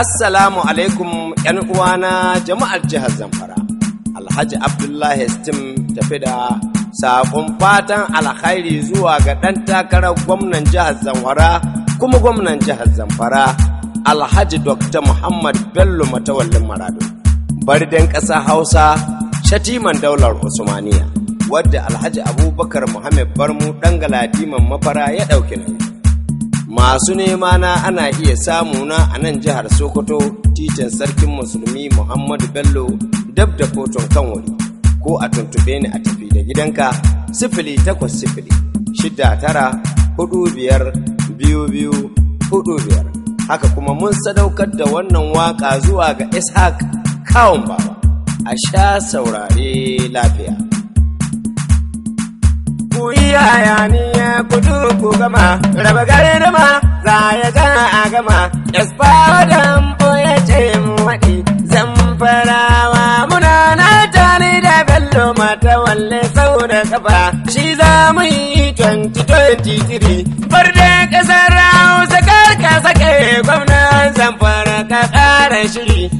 Assalamu alaikum ‘yan uwana jama'ar jihar Zamfara, Alhaji Abdullahi Stim tafi da sabon fatan alkhairi zuwa ga ɗan takarar gwamnan jihar Zamfara kuma gwamnan jihar Zamfara, Alhaji Dr. Muhammad Bello Matawallin Marado, barden ƙasa Hausa, shatiman daular Usmaniya, wadda Alhaji Abubakar Muhammad Barmu ɗan galadiman mafara ya ɗauki nauyi. masu nema na ana iya samu na a nan jihar sokoto titin sarkin musulmi muhammadu bello dab da kotun wuri, ko a tuntube ni a tafi da gidanka sifili takwas sifili shida tara hudu biyar biyu biyu hudu biyar haka kuma mun sadaukar da wannan waka zuwa ga ishaq kawon baba a sha saurare lafiya hayaniya kudu ku gama raba gare na ma za ya ga a gama espadam ya ce mu waɗi zan farawa muna na tare da bello mata walle sau da kafa shi za mu yi 2023 bar da ƙasar hausa karka sake gwamnan zamfara fara ka ƙara shiri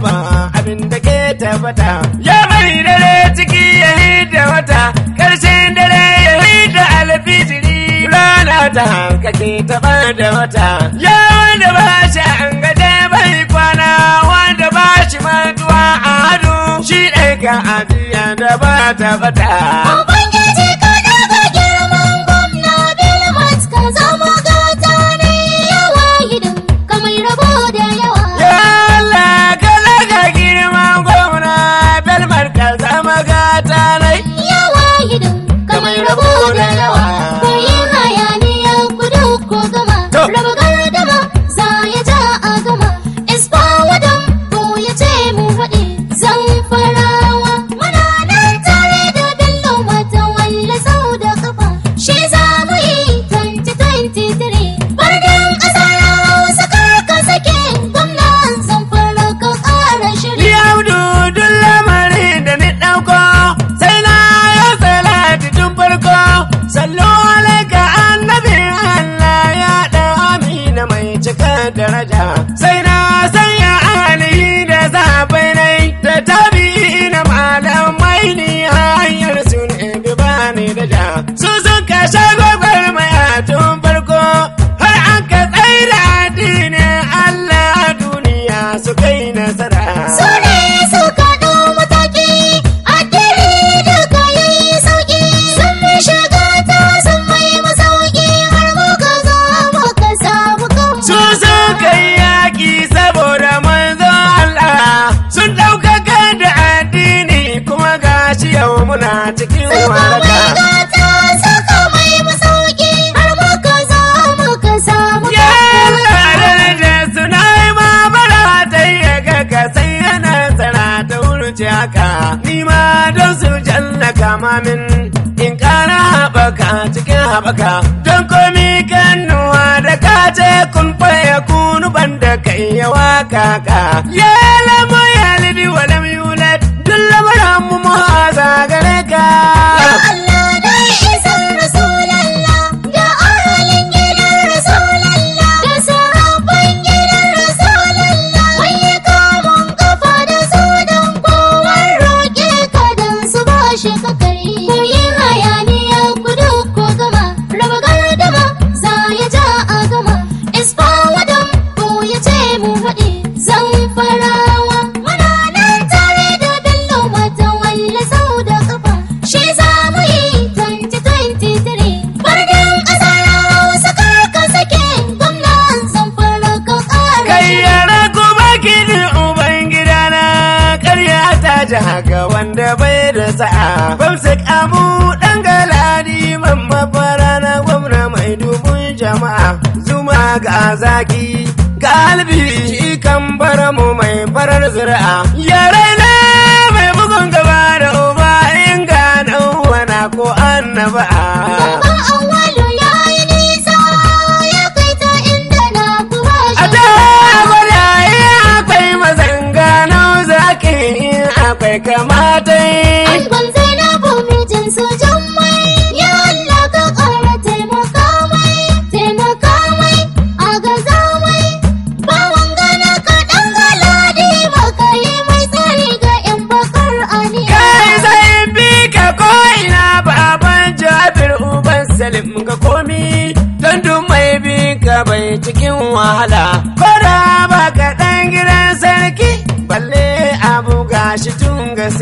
girmama abin da ke tabbata. Ya mai dare ciki ya yi da wata, ƙarshen dare ya yi da alfijiri. Rana ta hankali taɓa da wata. Ya wanda ba shi an gaje bai kwana, wanda ba shi matuwa a hadu. Shi ɗaya ka ajiya da ba ta ya waƙaƙa. Ya lamu ya lidi wa lam yulad, dun lamuran mu mu gare ka. wanda bai da sa'a bamsik abu ɗan galadi mamma fara na gwamna mai dubun jama'a zuma ga zaki albi shi kan bara mu mai farar zira'a Ya raina mai bugun gaba da uba in ga wana ko annaba'a Mai kamata Ashkwan Zainabu mijin su jammai Ya Allah ka ƙara taimaka mai Taimaka mai a gaza mai Bawan gana ka ga galadi Baka yi mai ga ƴan bakar ani Kai zai bi ka ko'ina baban Jabir uban Salim ga komi Don duk mai bi ka bai cikin wahala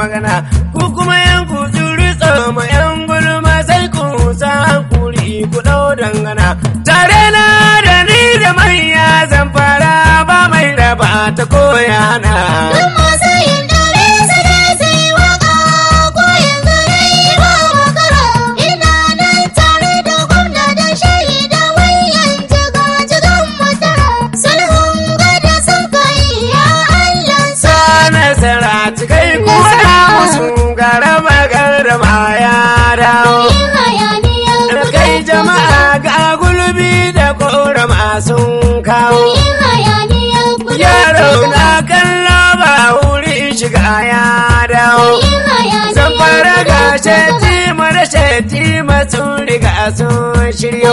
magana ku kuma yan kujuru ma yan gulma sai ku sa hankuri ku dau dangana tare na da ni da manya zan fara ba mai raba ta koyana. Allah ya dawo. Sun fara ga shetima da shetima sun riga sun shiryo.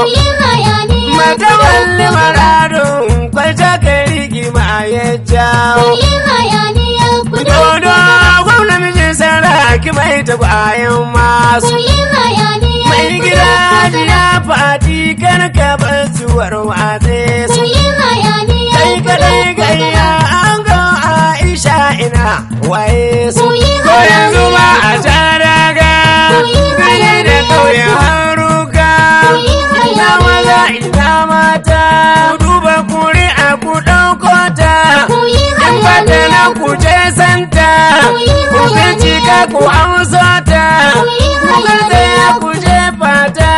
Mata walli maradun kwalta kai rigima ya jawo. Dodo gwamna mijin saraki mai ta kwayan masu. Mai gida ya faɗi kan ka bar zuwar watsa su. Kai kadai gaya? na waye su ko yanzu ba a taraga kare da kauyen haruka ina maza ina mata ku duba kuri a ku ɗauko ta in bata na ku je santa ku bincika ku amsa ta ku ya ku je fata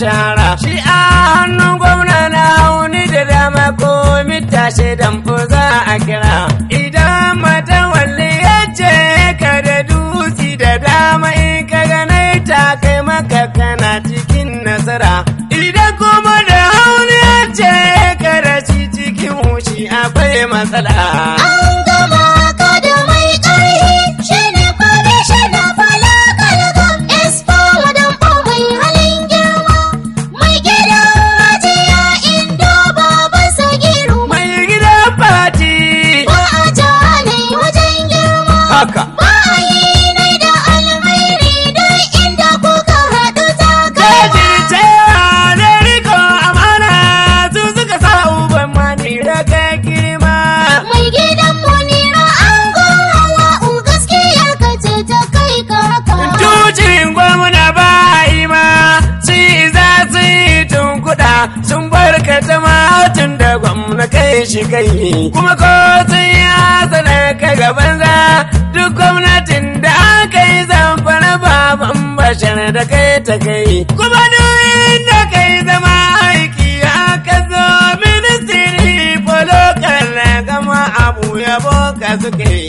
tara shi a hannun gwamna na wuni da dama ko mita shaidan fa za a kira idan mata walli ya ce ka da dutsi da dama in ka ganai ta kai maka kana cikin nasara idan kuma da hauni ya ce ka da shi cikin hushi akwai matsala kuma kotun ya sanar ka gaban banza duk gwamnatin da aka yi zamfara baban bashar da kai ta kai kuma duk ka kai zama aiki aka zo ministiri folo na gama abu yabo ka suke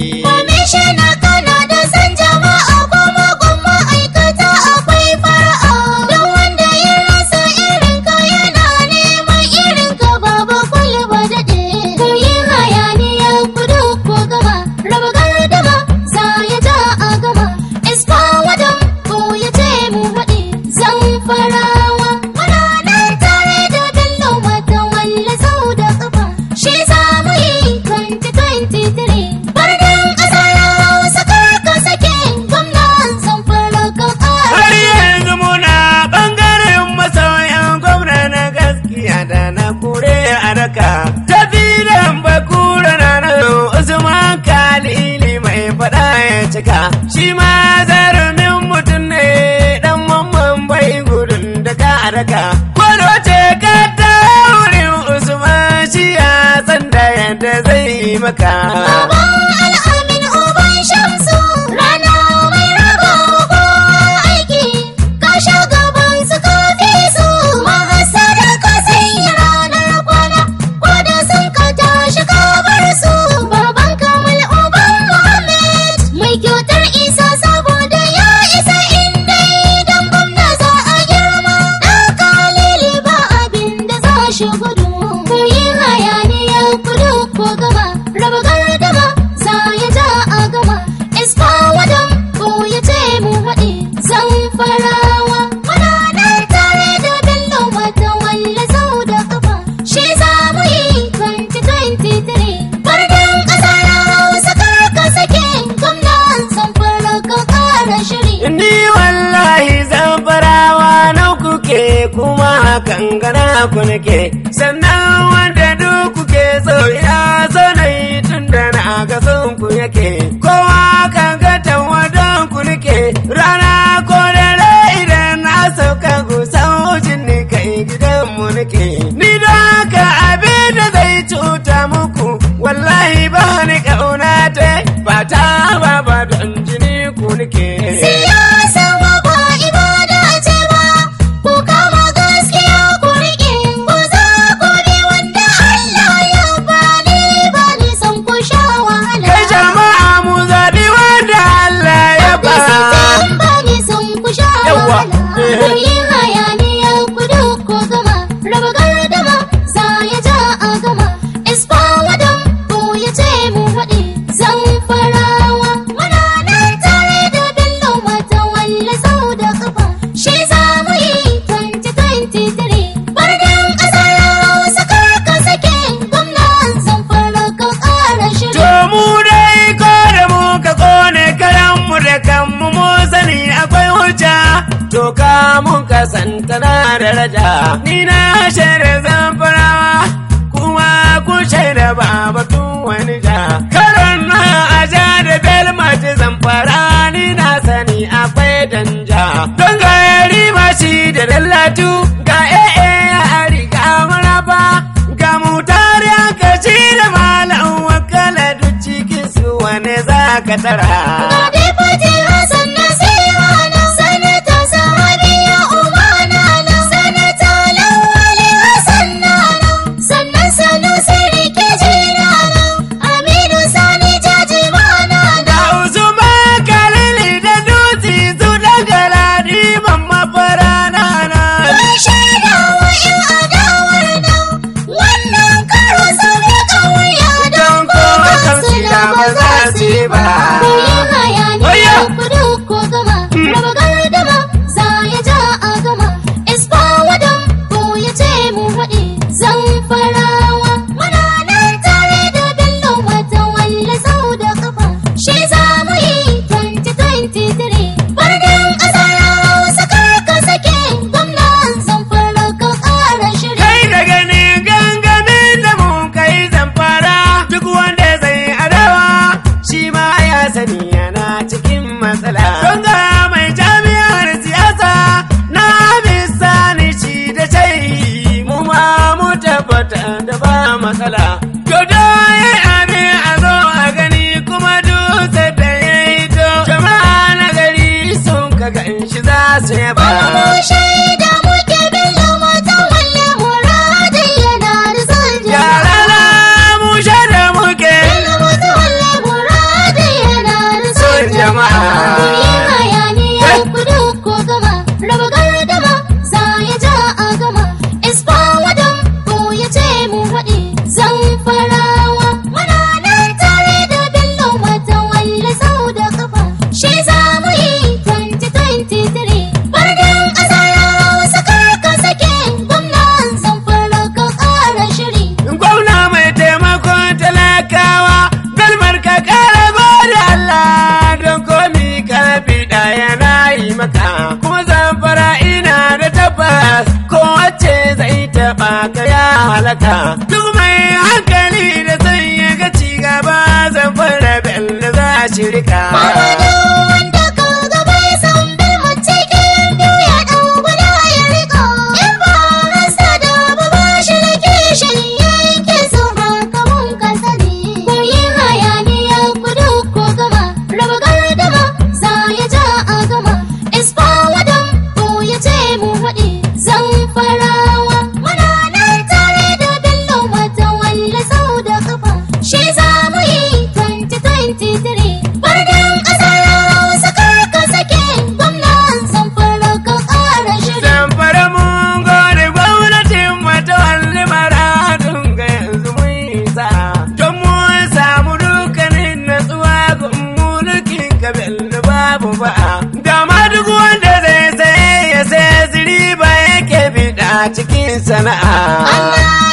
albarka kwano ce ka taurin usman shi ya san da yadda zai maka tangara ku nake san daraja ni na shaida zamfarawa kuma ku shaida ba batun wani ja karon na aja da ce zamfara ni na sani akwai danja don ga yari mashi da lallatu ga ee a riga ba. ga mutar ya kashi da malam wakala duk cikin su wani za ka tara cikin sana'a. Allah!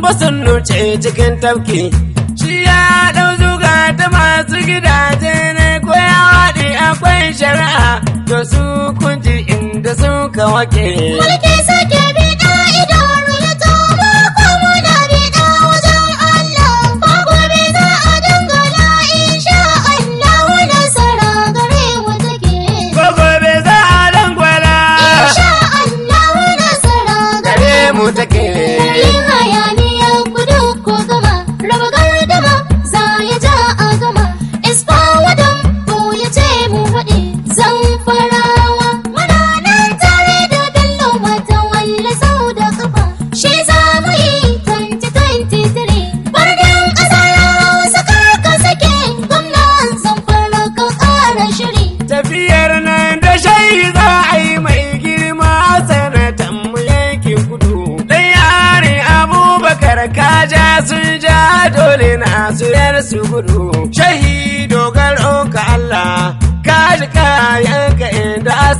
kumbu sun nuce cikin tafki shi ya dau zuga ta masu gidaje ne ko ya waɗi akwai shari'a to su kunji inda suka wake. Mulki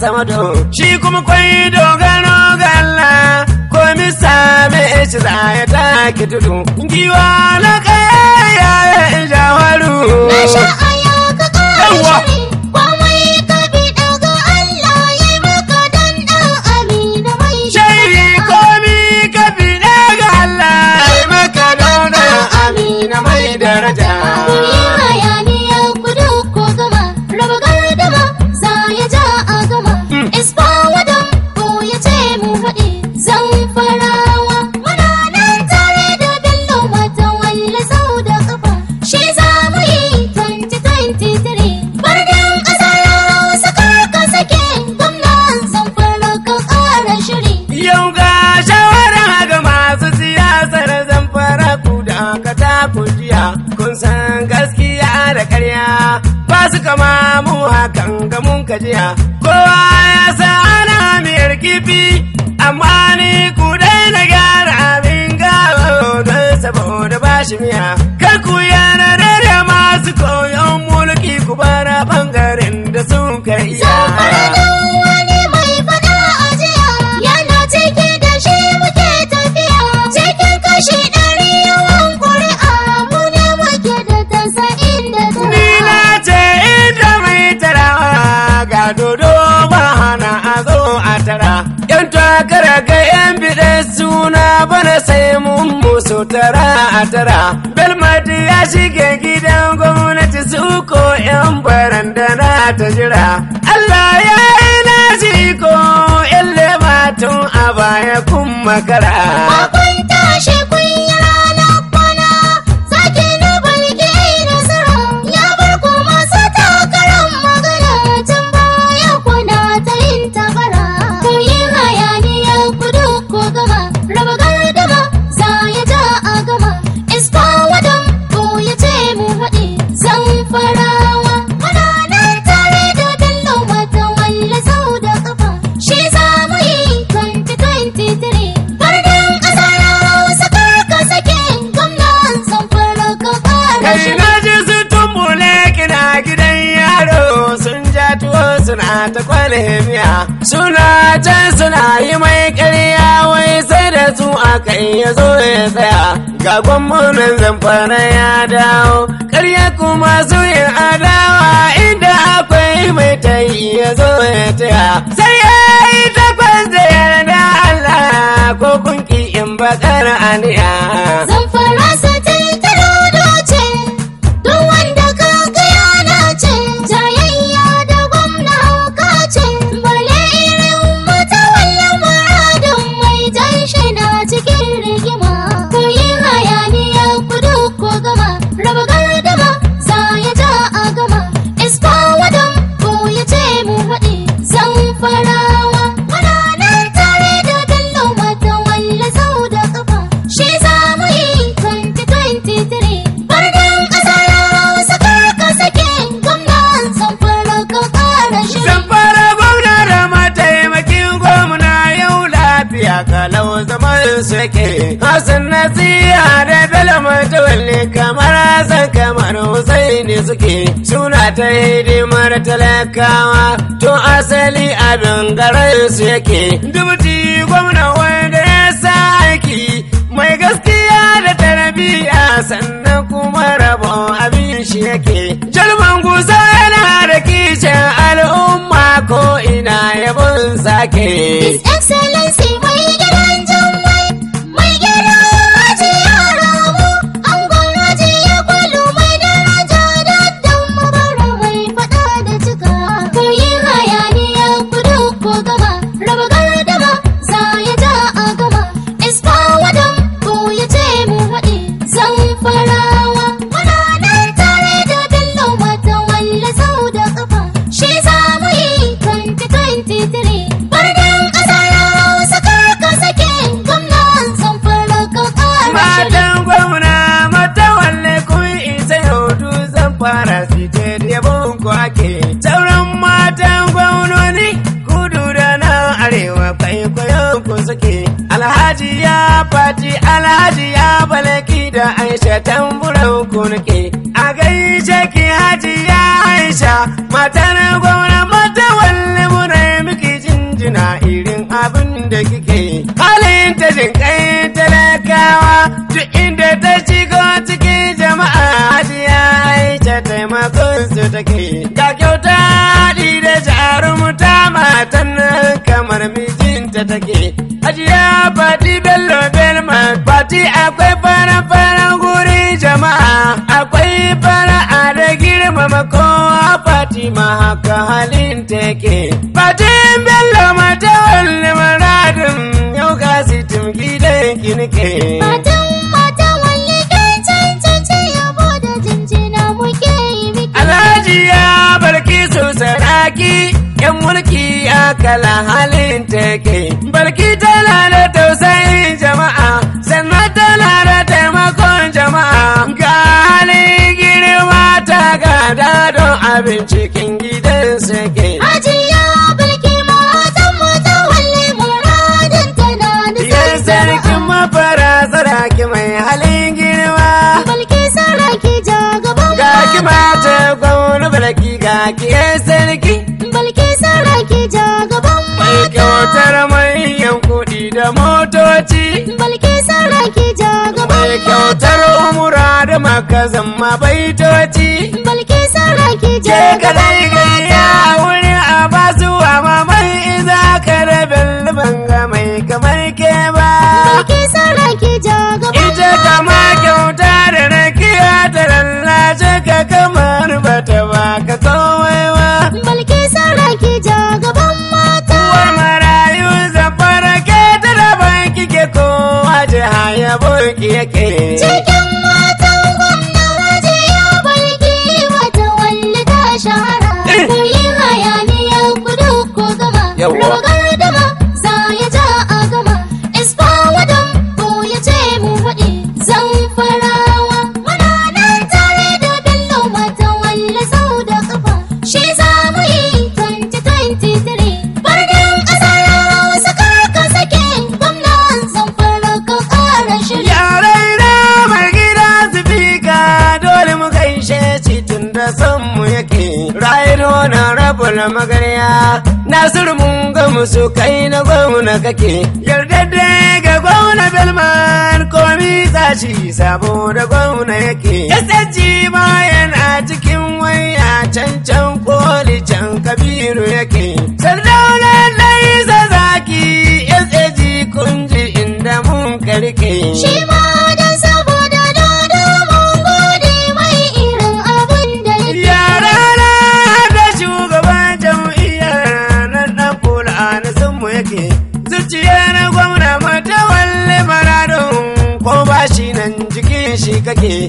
samado shi kuma kwai dogaro galla Allah ko mi same shi za ya take tudu giwa na kaya ya jawaru na sha sha'aya ka shi kama mu hakan ga mun kajiya kowa ya sa ana miyar kifi amma ni ku na gyara abin gawa don saboda bashi miya juna bana sai mun musu tara a tara. Belmadi ya shige gidan gwamnati su ko ‘yan barandana ta jira. Allah ya yi naji ko ille a baya kun makara. Bakon tashi masu kwalemiya suna can suna yi mai ƙarya wai sai da su aka iya zo ya tsaya ga gwamnan zamfara ya dawo ƙarya kuma yi adawa inda akwai mai ta iya zo ya tsaya sai ya yi takwas da yarda Allah ko kunki in bakar aniya. nasiha da ta tawalle kamar Hassan kamar Husaini suke suna ta hidimar talakawa tun asali abin garin su yake dubuti gwamna wai jin kai talakawa duk inda ta shigo cikin jama'a hajiya aisha taimakon su ta ke ga kyauta haɗi da jarumuta matan nan kamar mijinta take hajiya fati bello belma fati akwai fara-faran guri jama'a akwai fara a da girmama kowa ma haka halin ta ke fati girke. Matan mata wanne ke cancanci yabo da jinjina muke yi miki. Alhaji ya barki su saraki. Yan mulki ya kala halin take, barki tana da tausayin jama'a, sannan tana da taimakon jama'a, ga halin girma ta gada don abinci. ya ki sarki balki jagaban mata kyautar manyan kuɗi da motoci balki sarki jagaban mata kyautar umura da makazan mabaitoci balki sarki jagaban mata ke kadai wuri a basu wa mamai iza ka rabin mai kamar ke ba jagaban komai ba. Balki sara ki ja gaban mata. Uwar marayu zafara ke da daban kike kowa jiha ya burki yake. na magarya nasiru mun ga musu kai na gwamna kake yardadde ga gwamna belman komi tashi saboda gwamna yake yasanci bayan a cikin waya can can koli can kabiru yake sardaunar laisa zaki yasanci kunji inda mun karke shi ma kake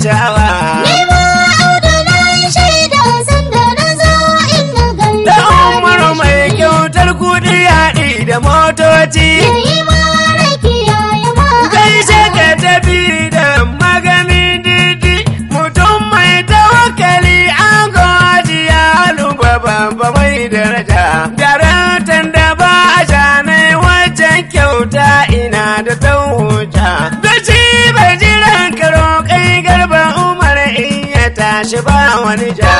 ta ṣe bá àwọn níjà.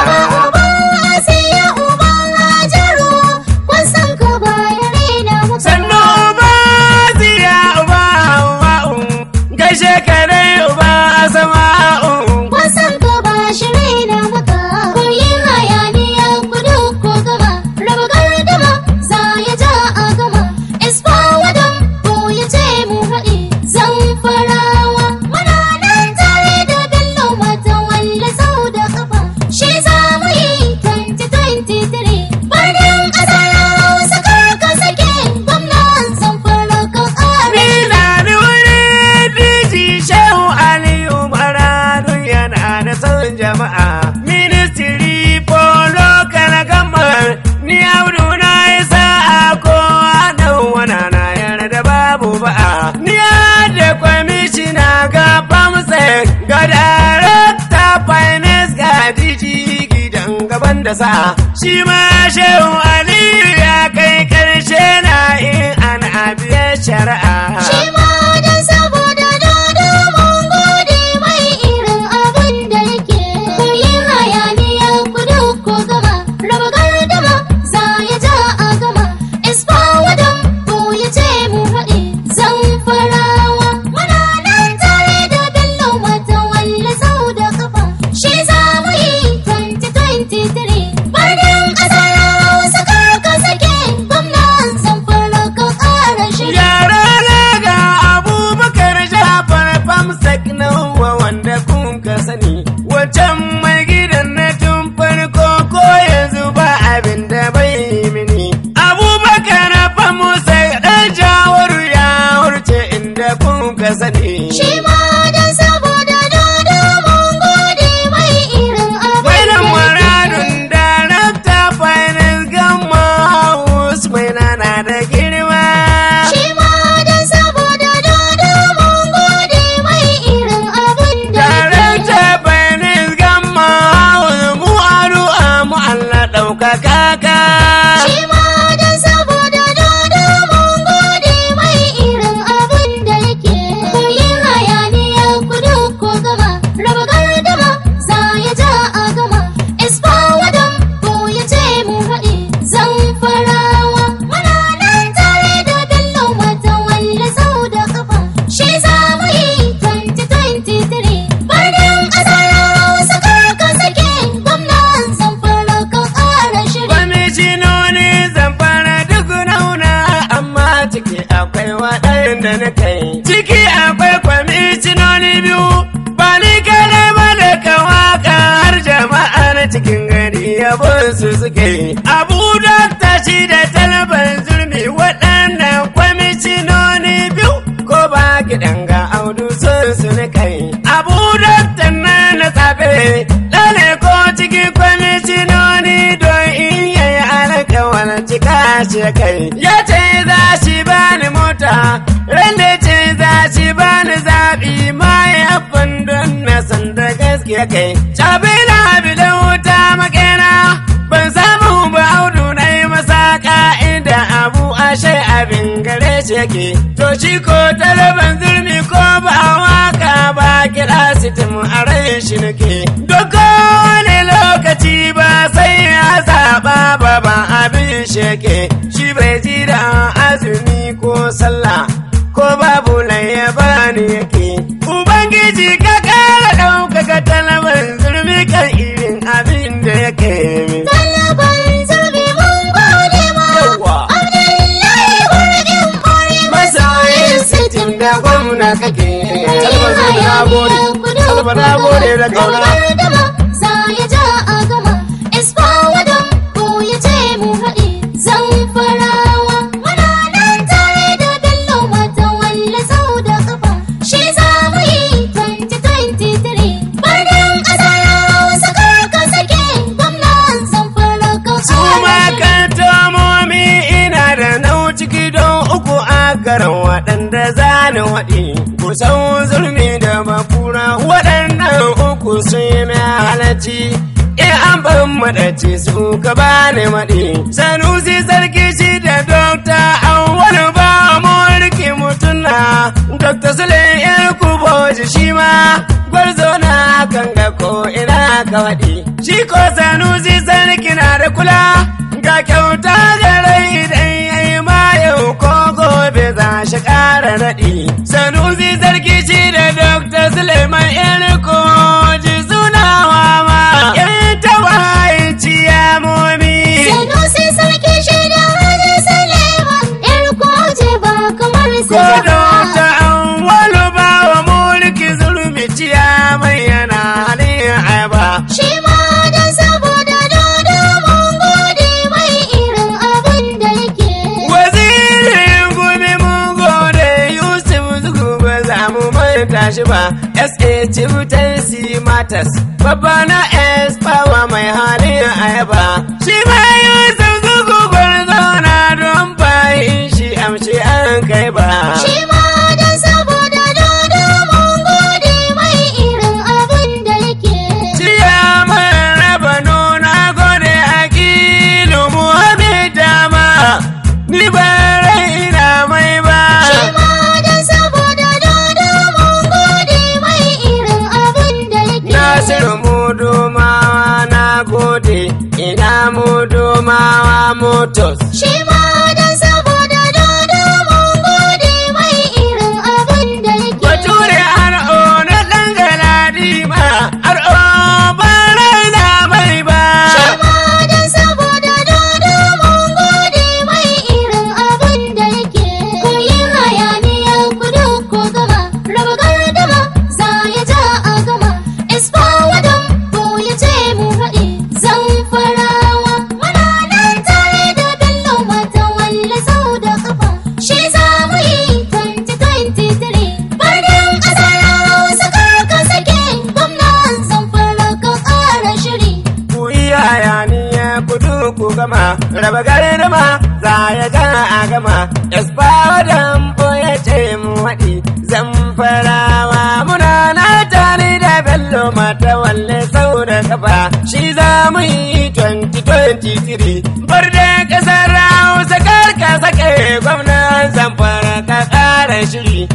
suke abu ta shi da talban zurmi waɗannan kwamishinoni biyu ko ba gidan ga audu so su na kai abu ta na na tsafe lale ko ciki kwamishinoni don in yayi wani cika shi kai ya ce za shi bani mota ran da ce za shi bani zaɓi ma ya fundun na san gaske kai ciki to shi ko talaban zurmi ko ba waka ba kira sitin a rayin shi nake duk wani lokaci ba sai ya zaɓa ba ba abin sheke shi bai ji azumi ne maɗi. Sanusi sarki shi da dokta an wani ba mu rike mutuna. Dokta Sule yar kuboji shi ma gwarzo na kan ga ko ina ka waɗi. Shi ko Sanusi sarki na da kula ga kyauta ga rai idan yayi ma yau ko gobe za shi ƙara naɗi. Sanusi sarki shi da dokta Suleiman silver sa chieftain c babana s power mai halin ayaba Ina mu domawa motos. juri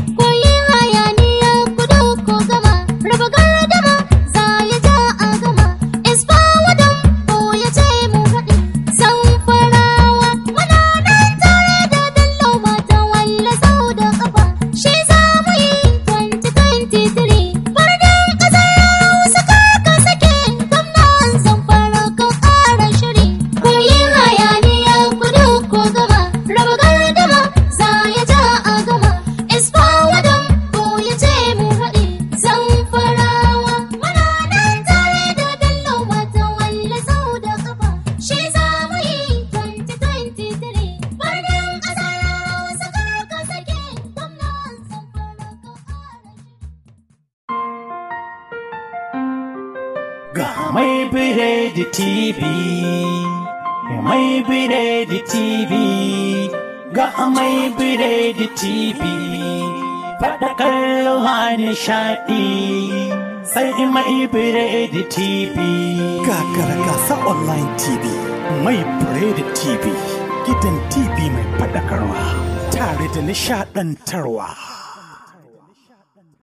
mai da TV. Gagara gasa online TV, mai biredi TV, gidan TV mai faɗakarwa, tare da nishaɗantarwa.